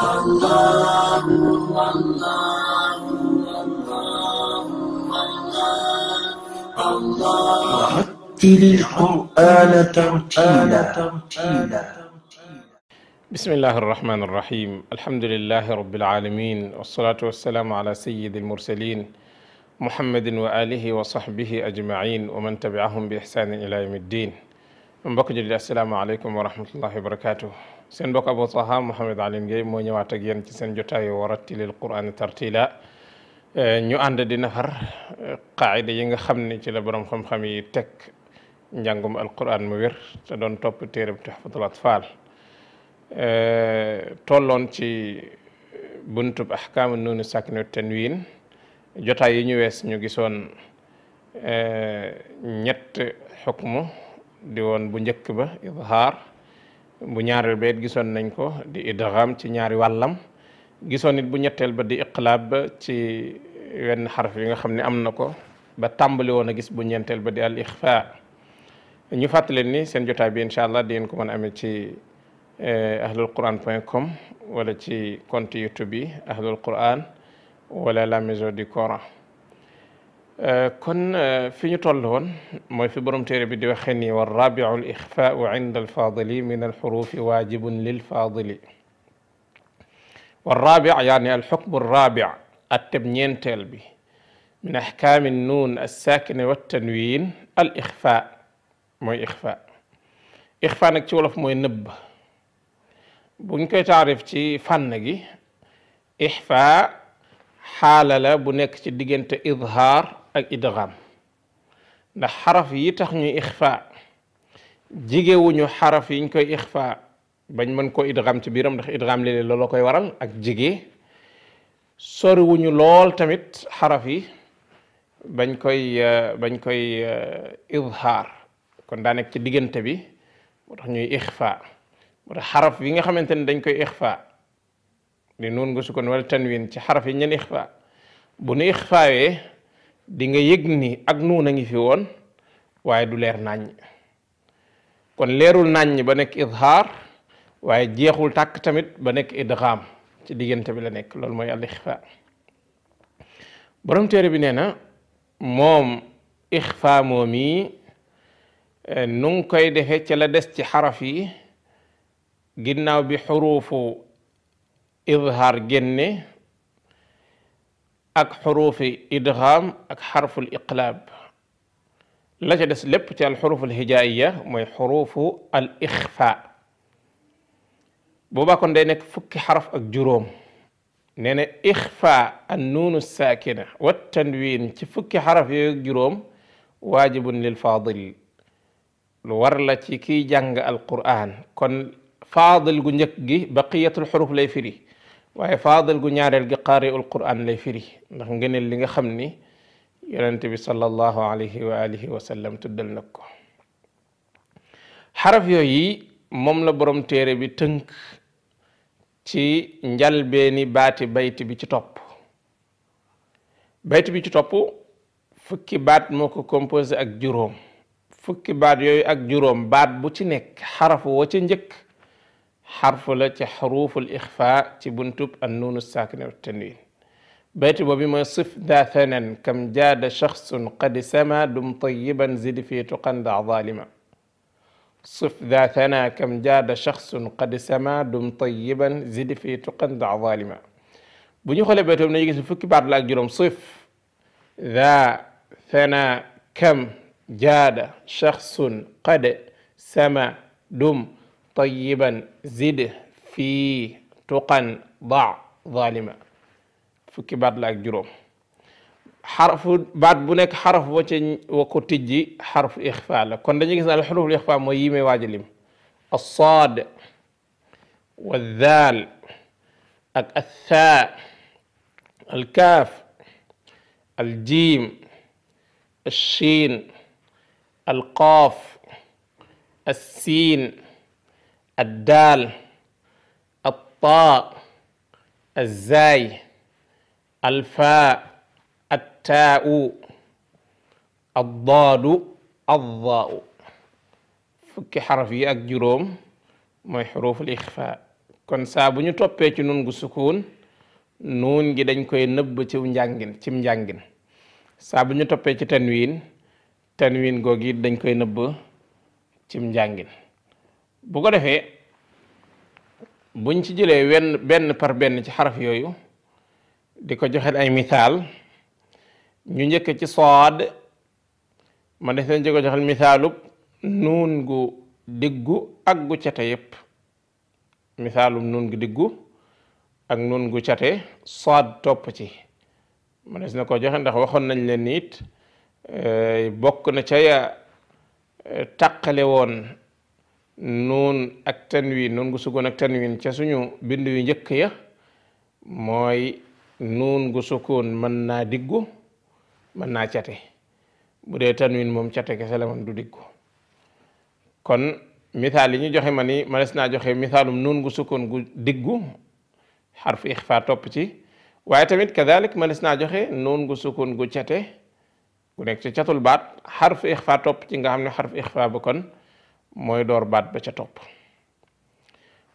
الله الله الله رتل القرآن ترتيلا بسم الله الرحمن الرحيم الحمد لله رب العالمين والصلاة والسلام على سيد المرسلين محمد وآله وصحبه أجمعين ومن تبعهم بإحسان إلى يوم الدين السلام عليكم ورحمة الله وبركاته seen mbokk Abou Taha Mouhamed Alioune Gueye moo ñëwaat ak yéen ci seen jotaayu warattilil Qur'ana tartila ñu ànd di nafar qaayida yi nga xam ne ci la borom xam-xam yi teg njàngum alquran mu wér te doon topp téereb Tuhfatul Atfal tolloon ci buntub ahkaamu nuuni sakinu tanwiin jotaay yi ñu wees ñu gisoon eh, ñett xukmu di woon bu njëkk ba izhaar bu ñaareel ba gisoon nañ ko di idgham ci ñaari wàllam gisoon it bu ñetteel ba di iqlaab ci wenn xaraf yi nga xam ne am na ko ba tàmbali woon a gis bu ñeenteel ba di al ixfa ñu fàttali ni seen jotaa bi incha allah di ngeen ko mën a amee ci eh, ahlul quran point com wala ci compte youtube bi ahlul quran wala la maison du coran كن في طلون ما في برم تيري بدي وخني والرابع الإخفاء عند الفاضلي من الحروف واجب للفاضلي والرابع يعني الحكم الرابع التبنين تلبي من أحكام النون الساكنة والتنوين الإخفاء موي إخفاء إخفاء نك تولف موي نب بونكي تعرف تي فنجي إخفاء حالة لا بونك تي إظهار ak idgham ndax xaraf yi tax ñu ixfa jigewuñu xaraf yiñ koy ixfa bañ mën koo idgham ci biiram ndax idgham léeg-léeg looloo koy waral ak jige soriwuñu lool tamit xaraf yi bañ koy euh, bañ koy euh, izhaar kon daa nekk ci diggante bi moo tax ñuy ixfa moo tax xaraf yi nga xamante ne dañ koy ixfa di nuun nga sukkoon wala tanwin ci xaraf yi ñeen ixfa bu nu ixfaawee dinga nga yëg ni ak nuun a fi woon waaye du leer nàññ kon leerul nàññ ba nekk izhaar waaye jeexul tàkk tamit ba nekk idgham ci diggante bi la nekk loolu mooy al borom téere bi nee na moom ixfa moom yi eh, nu koy defe ci la des ci xaraf yi ginnaaw bi xuruufu izhaar génne ak xuruufi idgham ak xarful iqlaab la ca des lépp ci al xuruful hijaaya mooy xuruufu al ixfa boobaa kon day nekk fukki xaraf ak juróom nee na ixfa an nuunu saakina wa tanwin ci fukki xaraf yooyu ak juróom waajibun lil faadil lu war la ci kiy jàng alquran kon faadil gu njëkk gi baqiyatul xuruf lay firi waaye faadal gu ñaareel gi qaariul quran lay firi ndax ngëneel li nga xam ni yonent bi sallallahu alayhi wa alihi wa sallam tuddal na ko xaraf yi moom la borom téere bi tënk ci njalbeeni baati bayt bi ci topp bayt bi ci topp fukki baat moo ko composé ak juróom fukki baat yooyu ak juróom baat bu ci nekk xarafu wa ca njëkk حرف لا حروف الإخفاء تي بنتوب النون الساكنة والتنوين بيت بابي ما يصف ذاثنا كم جاد شخص قد سما دم طيبا زد في تقن ذا ظالما صف ذاثنا كم جاد شخص قد سما دم طيبا زد في تقن ذا ظالما بني خلي بيت بابي يجي فك بعد لا صف ذا ثنا كم جاد شخص قد سما دم طيبا زده في تقا ضع ظالما فكي بعد لك جروم حرف بعد بنك حرف وكو تجي حرف إخفاء كون دا نجيس الحروف الإخفاء مويمي واجلم الصاد والذال الثاء الكاف الجيم الشين القاف السين الدال الطاء الزاي الفاء التاء الضاد الضاء fukki xaraf yi ak juróom mooy xuruful ixfa kon saa bu ñu toppee ci nun gu sukuun nuun gi dañ koy nëbb ci njàngin cim njàngin saa bu ñu toppee ci tanwiin tanwiin gi dañ koy nëbb cim njàngin bu ko defee buñ ci jëlee wenn benn par benn ci xaraf yooyu di ko joxe ay misaal ñu njëkk ci sood ma def leen ci ko joxel misaalub nuun gu diggu ak gu cate yépp misaalub nuun gu diggu ak nuun gu cate sood topp ci ma des na ko joxe ndax waxoon nañ leen it eh, bokk na ca ya eh, woon nuun ak tanwin nuun gu sukkoon ak tanwin ca suñu bind wi njëkk ya mooy nuun gu sukkoon mën naa diggu mën naa cate bu dee tanwin moom cate kese la man du kon misaal yi ñu joxe ma ni ma naa joxe misaalum nuun gu sukkoon gu diggu xarf fa topp ci waaye tamit kadalik ma des naa joxe nuun gu sukkoon gu cate gu nekk ca catul baat xarf ixfa topp ci nga xam ne xarf ixfa ba kon mooy door baat ba ca topp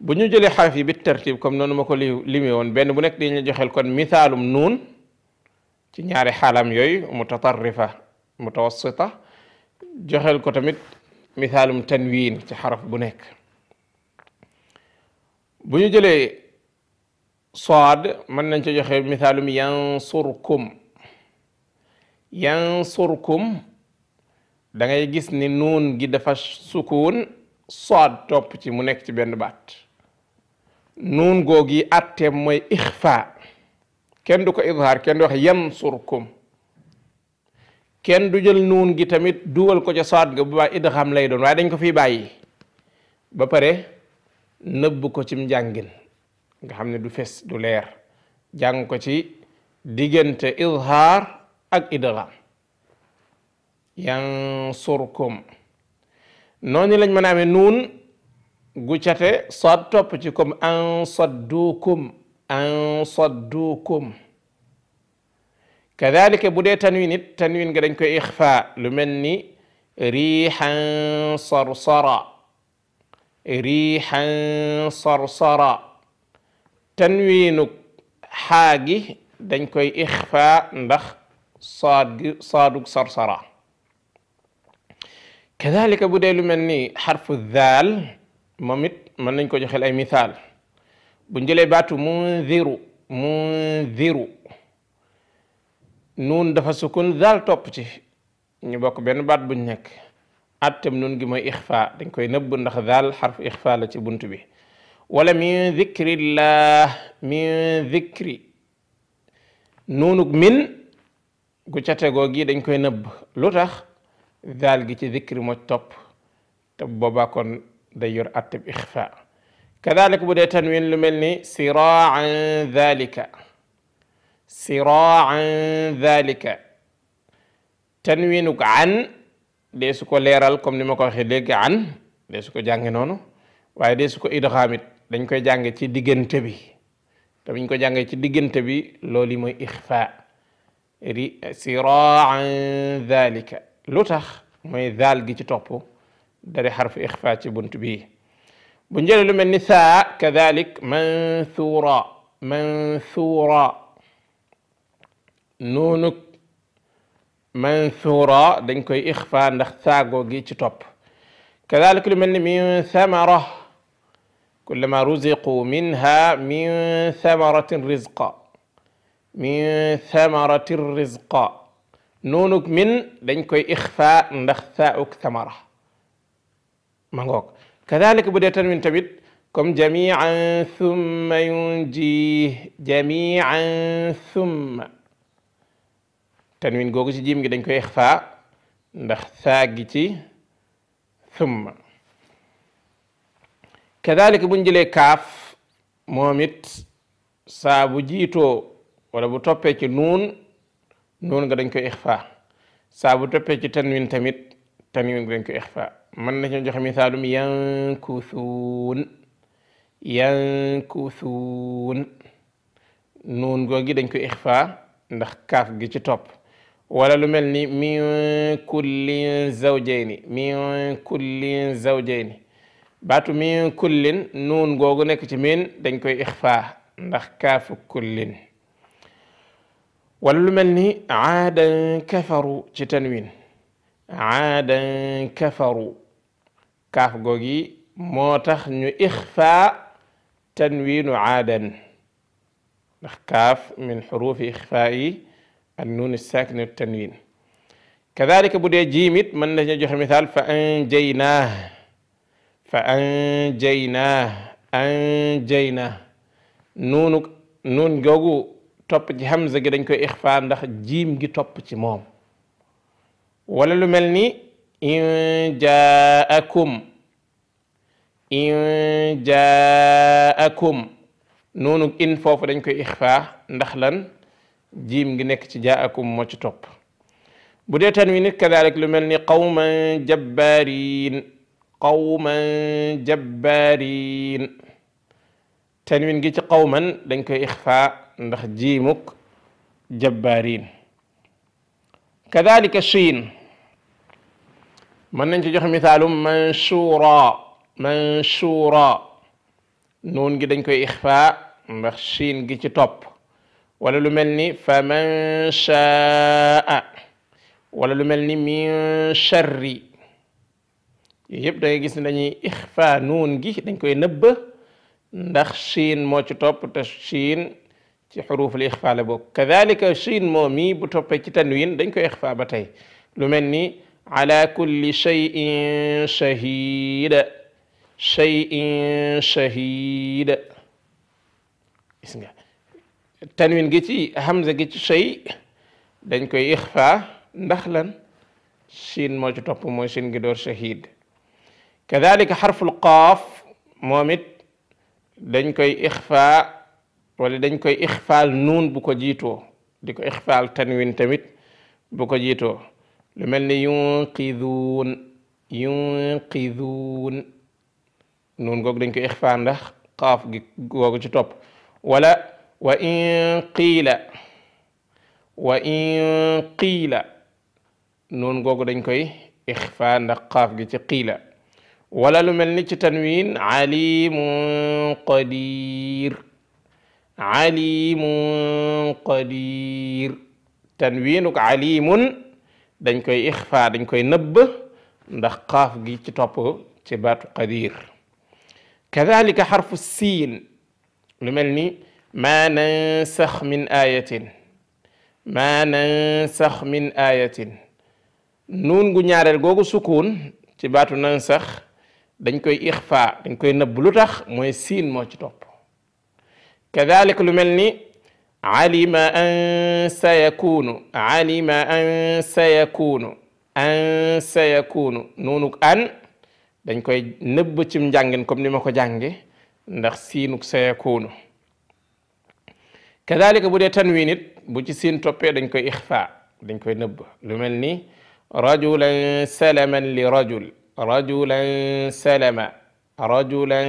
bu ñu jëlee xaraf yi bi tartib comme noonu ma ko li limee woon benn bu nekk dañ la joxel kon misaalum nuun ci ñaari xaalam yooyu mutatarrifa mutawassita joxel ko tamit misaalum tanwiin ci xaraf bu nekk bu ñu jëlee saad mën nañ ca joxe misaalum yansurkum yansurkum da ngay gis ni nuun gi dafa sukuun sood topp ci mu nekk ci benn baat nuun googi atteem mooy ixfa kenn du ko izhaar kenn du wax yansurkum kenn du jël nuun gi tamit duwal ko ca sood nga bu baa idgham lay doon waaye dañ ko fi bàyyi ba pare nëbb ko ci njàngin nga xam ne du fes du leer jàng ko ci diggante izhaar ak idgham yansurkum noonu lañ mën a amee nuun gu cate sood topp ci bu dee tanwin it tanwin nga dañ koy ixfa lu mel ni riixan sarsara riixan sarsara tanwiinuk xaagi dañ koy ixfa ndax saad gi sarsara kadalika bu dee lu mel ni xarfu zaal moom it mën nañ ko joxel ay misaal bu njëlee baatu munziru munziru nuun dafa sukun zaal topp ci ñu bokk benn baat buñ nekk attam nun gi mooy ixfa dañ koy nëbb ndax zaal xarfu ixfa la ci bunt bi wala min zikrillah min zikri nuunug min gu categoo gi dañ koy nëbb lu tax daal gi ci zikr mooy topp te day yor atteb ixfa kadalik bu dee tanwin lu mel ni siraan dhalika siraan dhalika tanwinuk an dee su ko leeral comme ni ma ko waxee léegi an dee su ko jànge noonu waaye dee su ko idxaamit dañ koy jànge ci diggante bi te ko jàngee ci diggante bi loolu yi mooy ixfa ri siraan dhalika lu tax mooy zaal gi ci topp dari xarfu ixfa ci bunt bii bu njële lu mel ni saa kadalik mansuura mansuura nuunuk mansuura dañ koy ixfa ndax saagoo gi ci topp kadalik lu mel ni min samara kullama ruziqu minha min samaratin rizqa min samaratin rizqa noonuk min dañ koy ixfa ndax sauk samara ma ngoog bu dee tanwin tamit comme jamian summa yunji jamian summa tanwin googu ci jim gi dañ koy ixfa ndax saa gi ci summa buñ jëlee kaaf moom it saa bu jiitoo wala bu toppee ci noonu nga dañ koy ixfa saa bu toppee ci tanwin tamit tanwin nga dañ koy ixfa mën nañu joxe misaalum yankusuun yankusuun dañ koy ixfa ndax kaaf gi ci topp wala lu mel ni min kullin zawjayni min kullin zawjayni baatu min kullin nuun googu nekk ci min dañ koy ixfa ndax kaafu kullin والمن عادا كفروا جتنوين عادا كفروا كاف غوغي موتخ نيو اخفاء تنوين عادا كاف من حروف اخفاء النون الساكن التنوين كذلك بودي جيميت من نجي جوخ مثال فانجيناه أن انجيناه نونك نون جوجو topp ci hamza gi dañ ko ixfa ndax jiim gi topp ci moom wala lu mel ni in jaakum in jaakum noonu in foofu dañ koy ixfa ndax lan jiim gi nekk ci jaakum moo ci topp bu dee tanwiin it kadalik lu mel ni qawman jabbarin qawman jabbarin tanwiin gi ci qawman dañ ko ixfa ndax jiimuk jabbaariin kadalika shiin man nañ ci joxe misaalum manshura manshura nuun gi dañ koy ixfa ndax shiin gi ci top wala lu melni fa man shaa wala lu melni min sharri yeb yëpp da gis ne dañuy ixfa nuun gi dañ koy neub ndax shiin mo ci top te shiin ci xuruful ixfa la bokk kadalika shin moom mi bu toppee ci tanwin dañ ko ixfa ba tey lu mel ni ala kulli shayin shahida shayin shahida gis nga tanwin gi ci hamza gi ci shay dañ koy ixfa ndax lan shin moo ci topp mooy shin gi door shahid kadalika xarful qaaf moom it dañ koy ixfa wala dañ koy ixfaal nuun bu ko jiitoo di ko ixfaal tanwin tamit bu ko jiitoo lu mel ni yunqiduun yunqiduun nuun googu dañ koy ixfaal ndax xaaf gi googu ci topp wala wa in qiila wa in qiila nuun googu dañ koy ixfaa ndax xaaf gi ci qiila wala lu mel ni ci tanwin alimun qadir عليم قدير تنوينك عليم دنكوي إخفاء دنكوي نب دخاف جي تطب تبات قدير كذلك حرف السين لملني ما ننسخ من آية ما ننسخ من آية نون غنيار الغوغ سكون تباتو ننسخ دنكوي إخفاء دنكوي نب لطخ موي سين موش تطب كذلك لملني علم أن سيكون علم أن سيكون أن سيكون نونك أن دنكوي نبتشم جانجن كم نمكو جانجي نخسينك سيكون كذلك بودي تنوينت بودي سين توبي دنكوي إخفاء دنكوي نب لملني رجلا سلما لرجل رجلا سلما رجلا سلما, رجلاً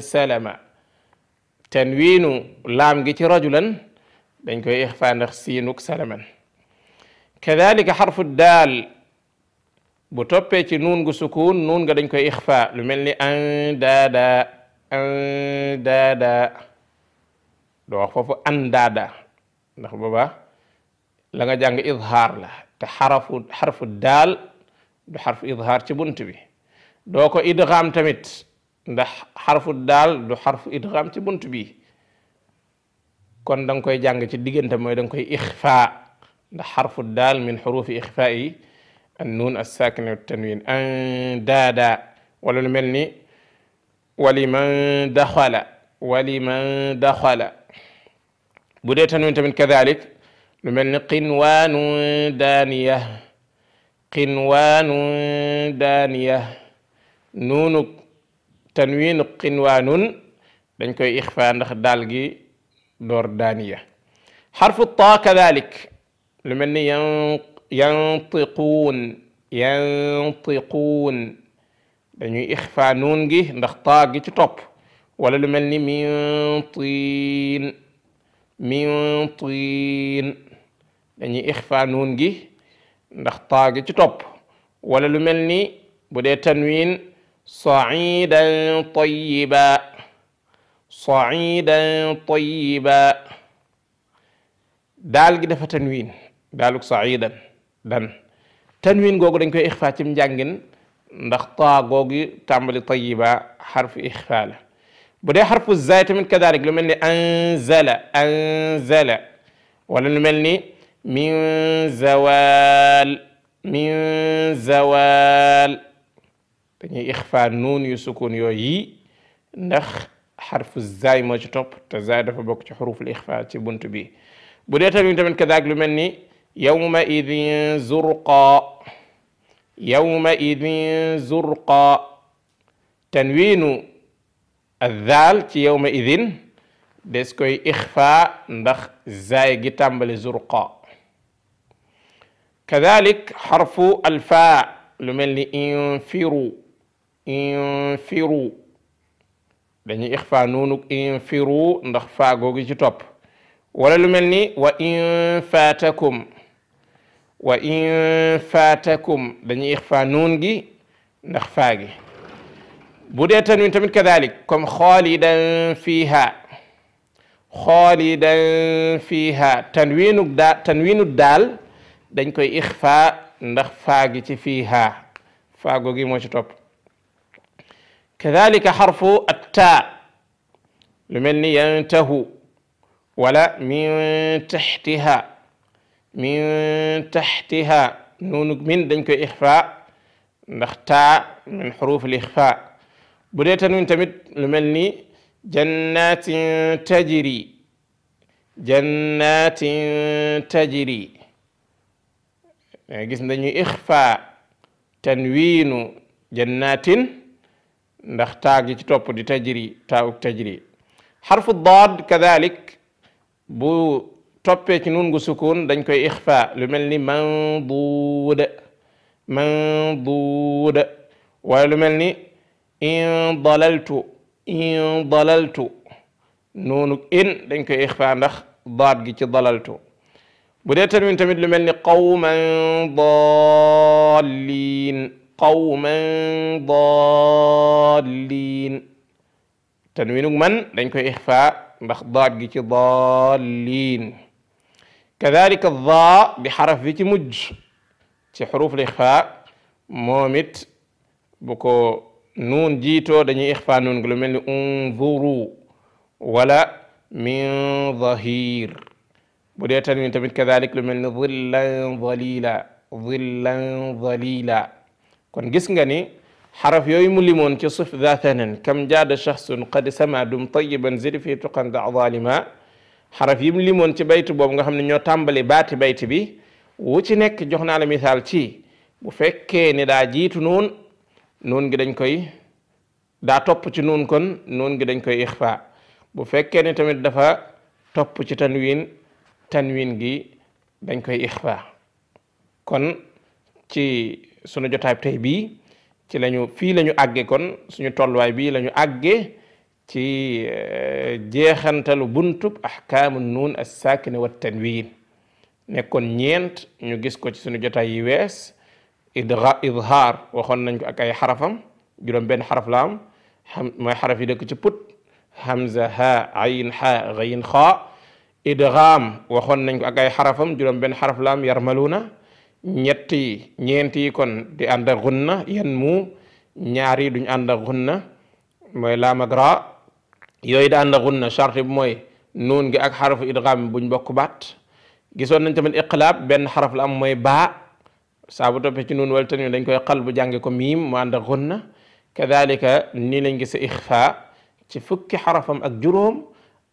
سلماً تنوين لام جيتي رجلا بنكو إخفاء نخسين وكسلما كذلك حرف الدال بطبة نون سكون نون غدن كو إخفاء لمنلي أن دادا أن دادا دو أخفف أن دادا نخبه با لنغا جانج إظهار لا تحرف حرف الدال دو حرف إظهار تبنتبه دوكو إدغام تمت ndax xarfu daal du xarfu idgham ci bunt bi kon da nga koy jàng ci diggante mooy da nga koy ixfa ndax xarfu daal min xurufi ixfa yi wala lu mel ni waliman daxala waliman daxala bu dee tanwin tamit kadalik lu mel ni qinwaanu daaniya qinwaanu tanwiinu qinwaanun dañ koy ixfa ndax daal gi door daaniya xarfu taa kadalik lu mel ni yantiquun yantiquun dañuy ixfa nuun gi ndax taa gi ci topp wala lu mel ni mintiin mintiin dañuy ixfa nuun gi ndax taa gi ci topp wala lu mel ni bu dee tanwiin صعيدا طيبا صعيدا طيبا daal gi dafa tanwin daaluk saidan dan tanwin googu dañ koy ixfa cim njàngin ndax taa googu tàmbali tayiba xarfu ixfa la bu dee xarfu zaay tamit kadalik lu mel ni anzala anzala wala lu mel ni min zawal min zawal دانيي يعني اخفاء نون يو يو يي نخ حرف الزاي ما تي توب تا زاي دا فا بوك تي حروف الاخفاء تي بونت بي بو ديتا ني تامن كذاك لو ملني يوم اذن زرقا يوم اذن زرقا تنوين الذال تي يوم اذن ديسكوي اخفاء نخ زاي جي تامبل زرقا كذلك حرف الفاء لو ملني انفيرو infiru dañuy ixfa nuunug infiru ndax faagoogi ci topp wala lu mel ni wa in faatakum wa in faatakum dañuy ixfa nuun gi ndax faagi bu dee tanwin tamit kadalik comme xaalidan fiiha xaalidan fiiha tanwinu daal tanwinu daal dañ koy ixfa ndax faagi ci fiiha faagoogi moo ci topp كذلك حرف التاء لمن ينته ولا من تحتها من تحتها نون من دنك إخفاء نختاء من حروف الإخفاء بديت نون تمت لمني جنات تجري جنات تجري يعني قسم إخفاء تنوين جنات ndax taag yi ci topp di tajri taawuk tajri xarfu daad kadalik bu toppee ci nun dañ koy ixfa lu mel ni manduuda manduuda waaye lu mel ni in dalaltu in dalaltu nuunug in dañ koy ixfa ndax daad gi ci dalaltu bu dee tanwin tamit lu mel ni qawman qawman daalliin tanwiinug man dañ koy ixfaa ndax daat gi ci daalliin kadalika daa bi xaraf bi ci mujj ci xuruf l ixfaa moom it bu ko nuun jiitoo dañuy ixfaa nuun gi lu mel ni unzuru wala min zahir bu dee tanwiin tamit kadalik lu mel ni zillan zalila zillan zalila kon gis nga ni xaraf yooyu mu limoon ci suuf daatanen kam jaada shaxsun qad sama dum tayiban zid fi tuqan da zalima xaraf yi mu limoon ci baytu boobu nga xam ne ñoo tàmbali baati bayti bi wu ci nekk jox naa la ci bu fekkee ni daa jiitu noon noon gi dañ koy daa topp ci noon kon noon gi dañ koy ixfa bu fekkee ne tamit dafa topp ci tanwin tanwin gi dañ koy ixfa suñu jotaay bi ci lañu fii lañu ñu kon suñu tolluwaay bii lañu ñu àgge ci eh, jeexantalu buntub ahkaamu nuun as-saakina wa tanwiin nekkoon ñeent ñu gis ko ci suñu jotaay yi wees idhaar waxoon nañ ko ak ay xarafam juróom benn xaraf laam am mooy dëkk ci put hamza ha ayn ha ghayn xaa idgham waxoon nañ ko ak ay xarafam juróom benn xaraf laam yarmaluna ñetti yi yi kon di ànd ak xunna yan mu ñaar duñ ànd ak mooy laam ak raa yooyu di ànd ak xunna charte mooy nuun gi ak xarafu idgaam buñ bokk baat gisoon nañ tamit iqlaab benn xaraf la am mooy baa saabu bu ci nuun wala tanwiin dañ koy xal bu jànge ko miim mu ànd ak kadalika nii lañ gisa ixfa ci fukki xarafam ak juróom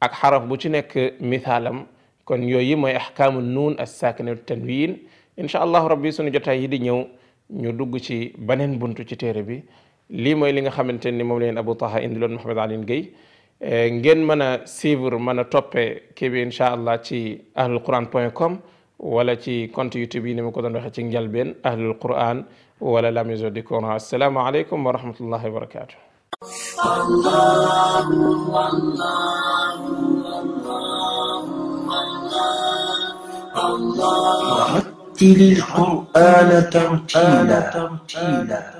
ak xaraf bu ci nekk misaalam kon yooyu mooy axkaamu nuun as saakina tanwiin incha allahu rabbi suñu jotaay yi di ñëw ñu dugg ci baneen buntu ci téere bi lii mooy li nga xamante ni moom leen Abou Taha indiloon Mouhamed Alioune Guèye ngeen mën a suivre mën a toppee kii bi incha allah ci ahlul quran point com wala ci compte youtube yi ni ma ko doon waxee ci njalbeen ahlul quran wala la maison du coran asalaamaaleykum wa rahmatullahi wa barakatu الله رتل القرآن ترتيلا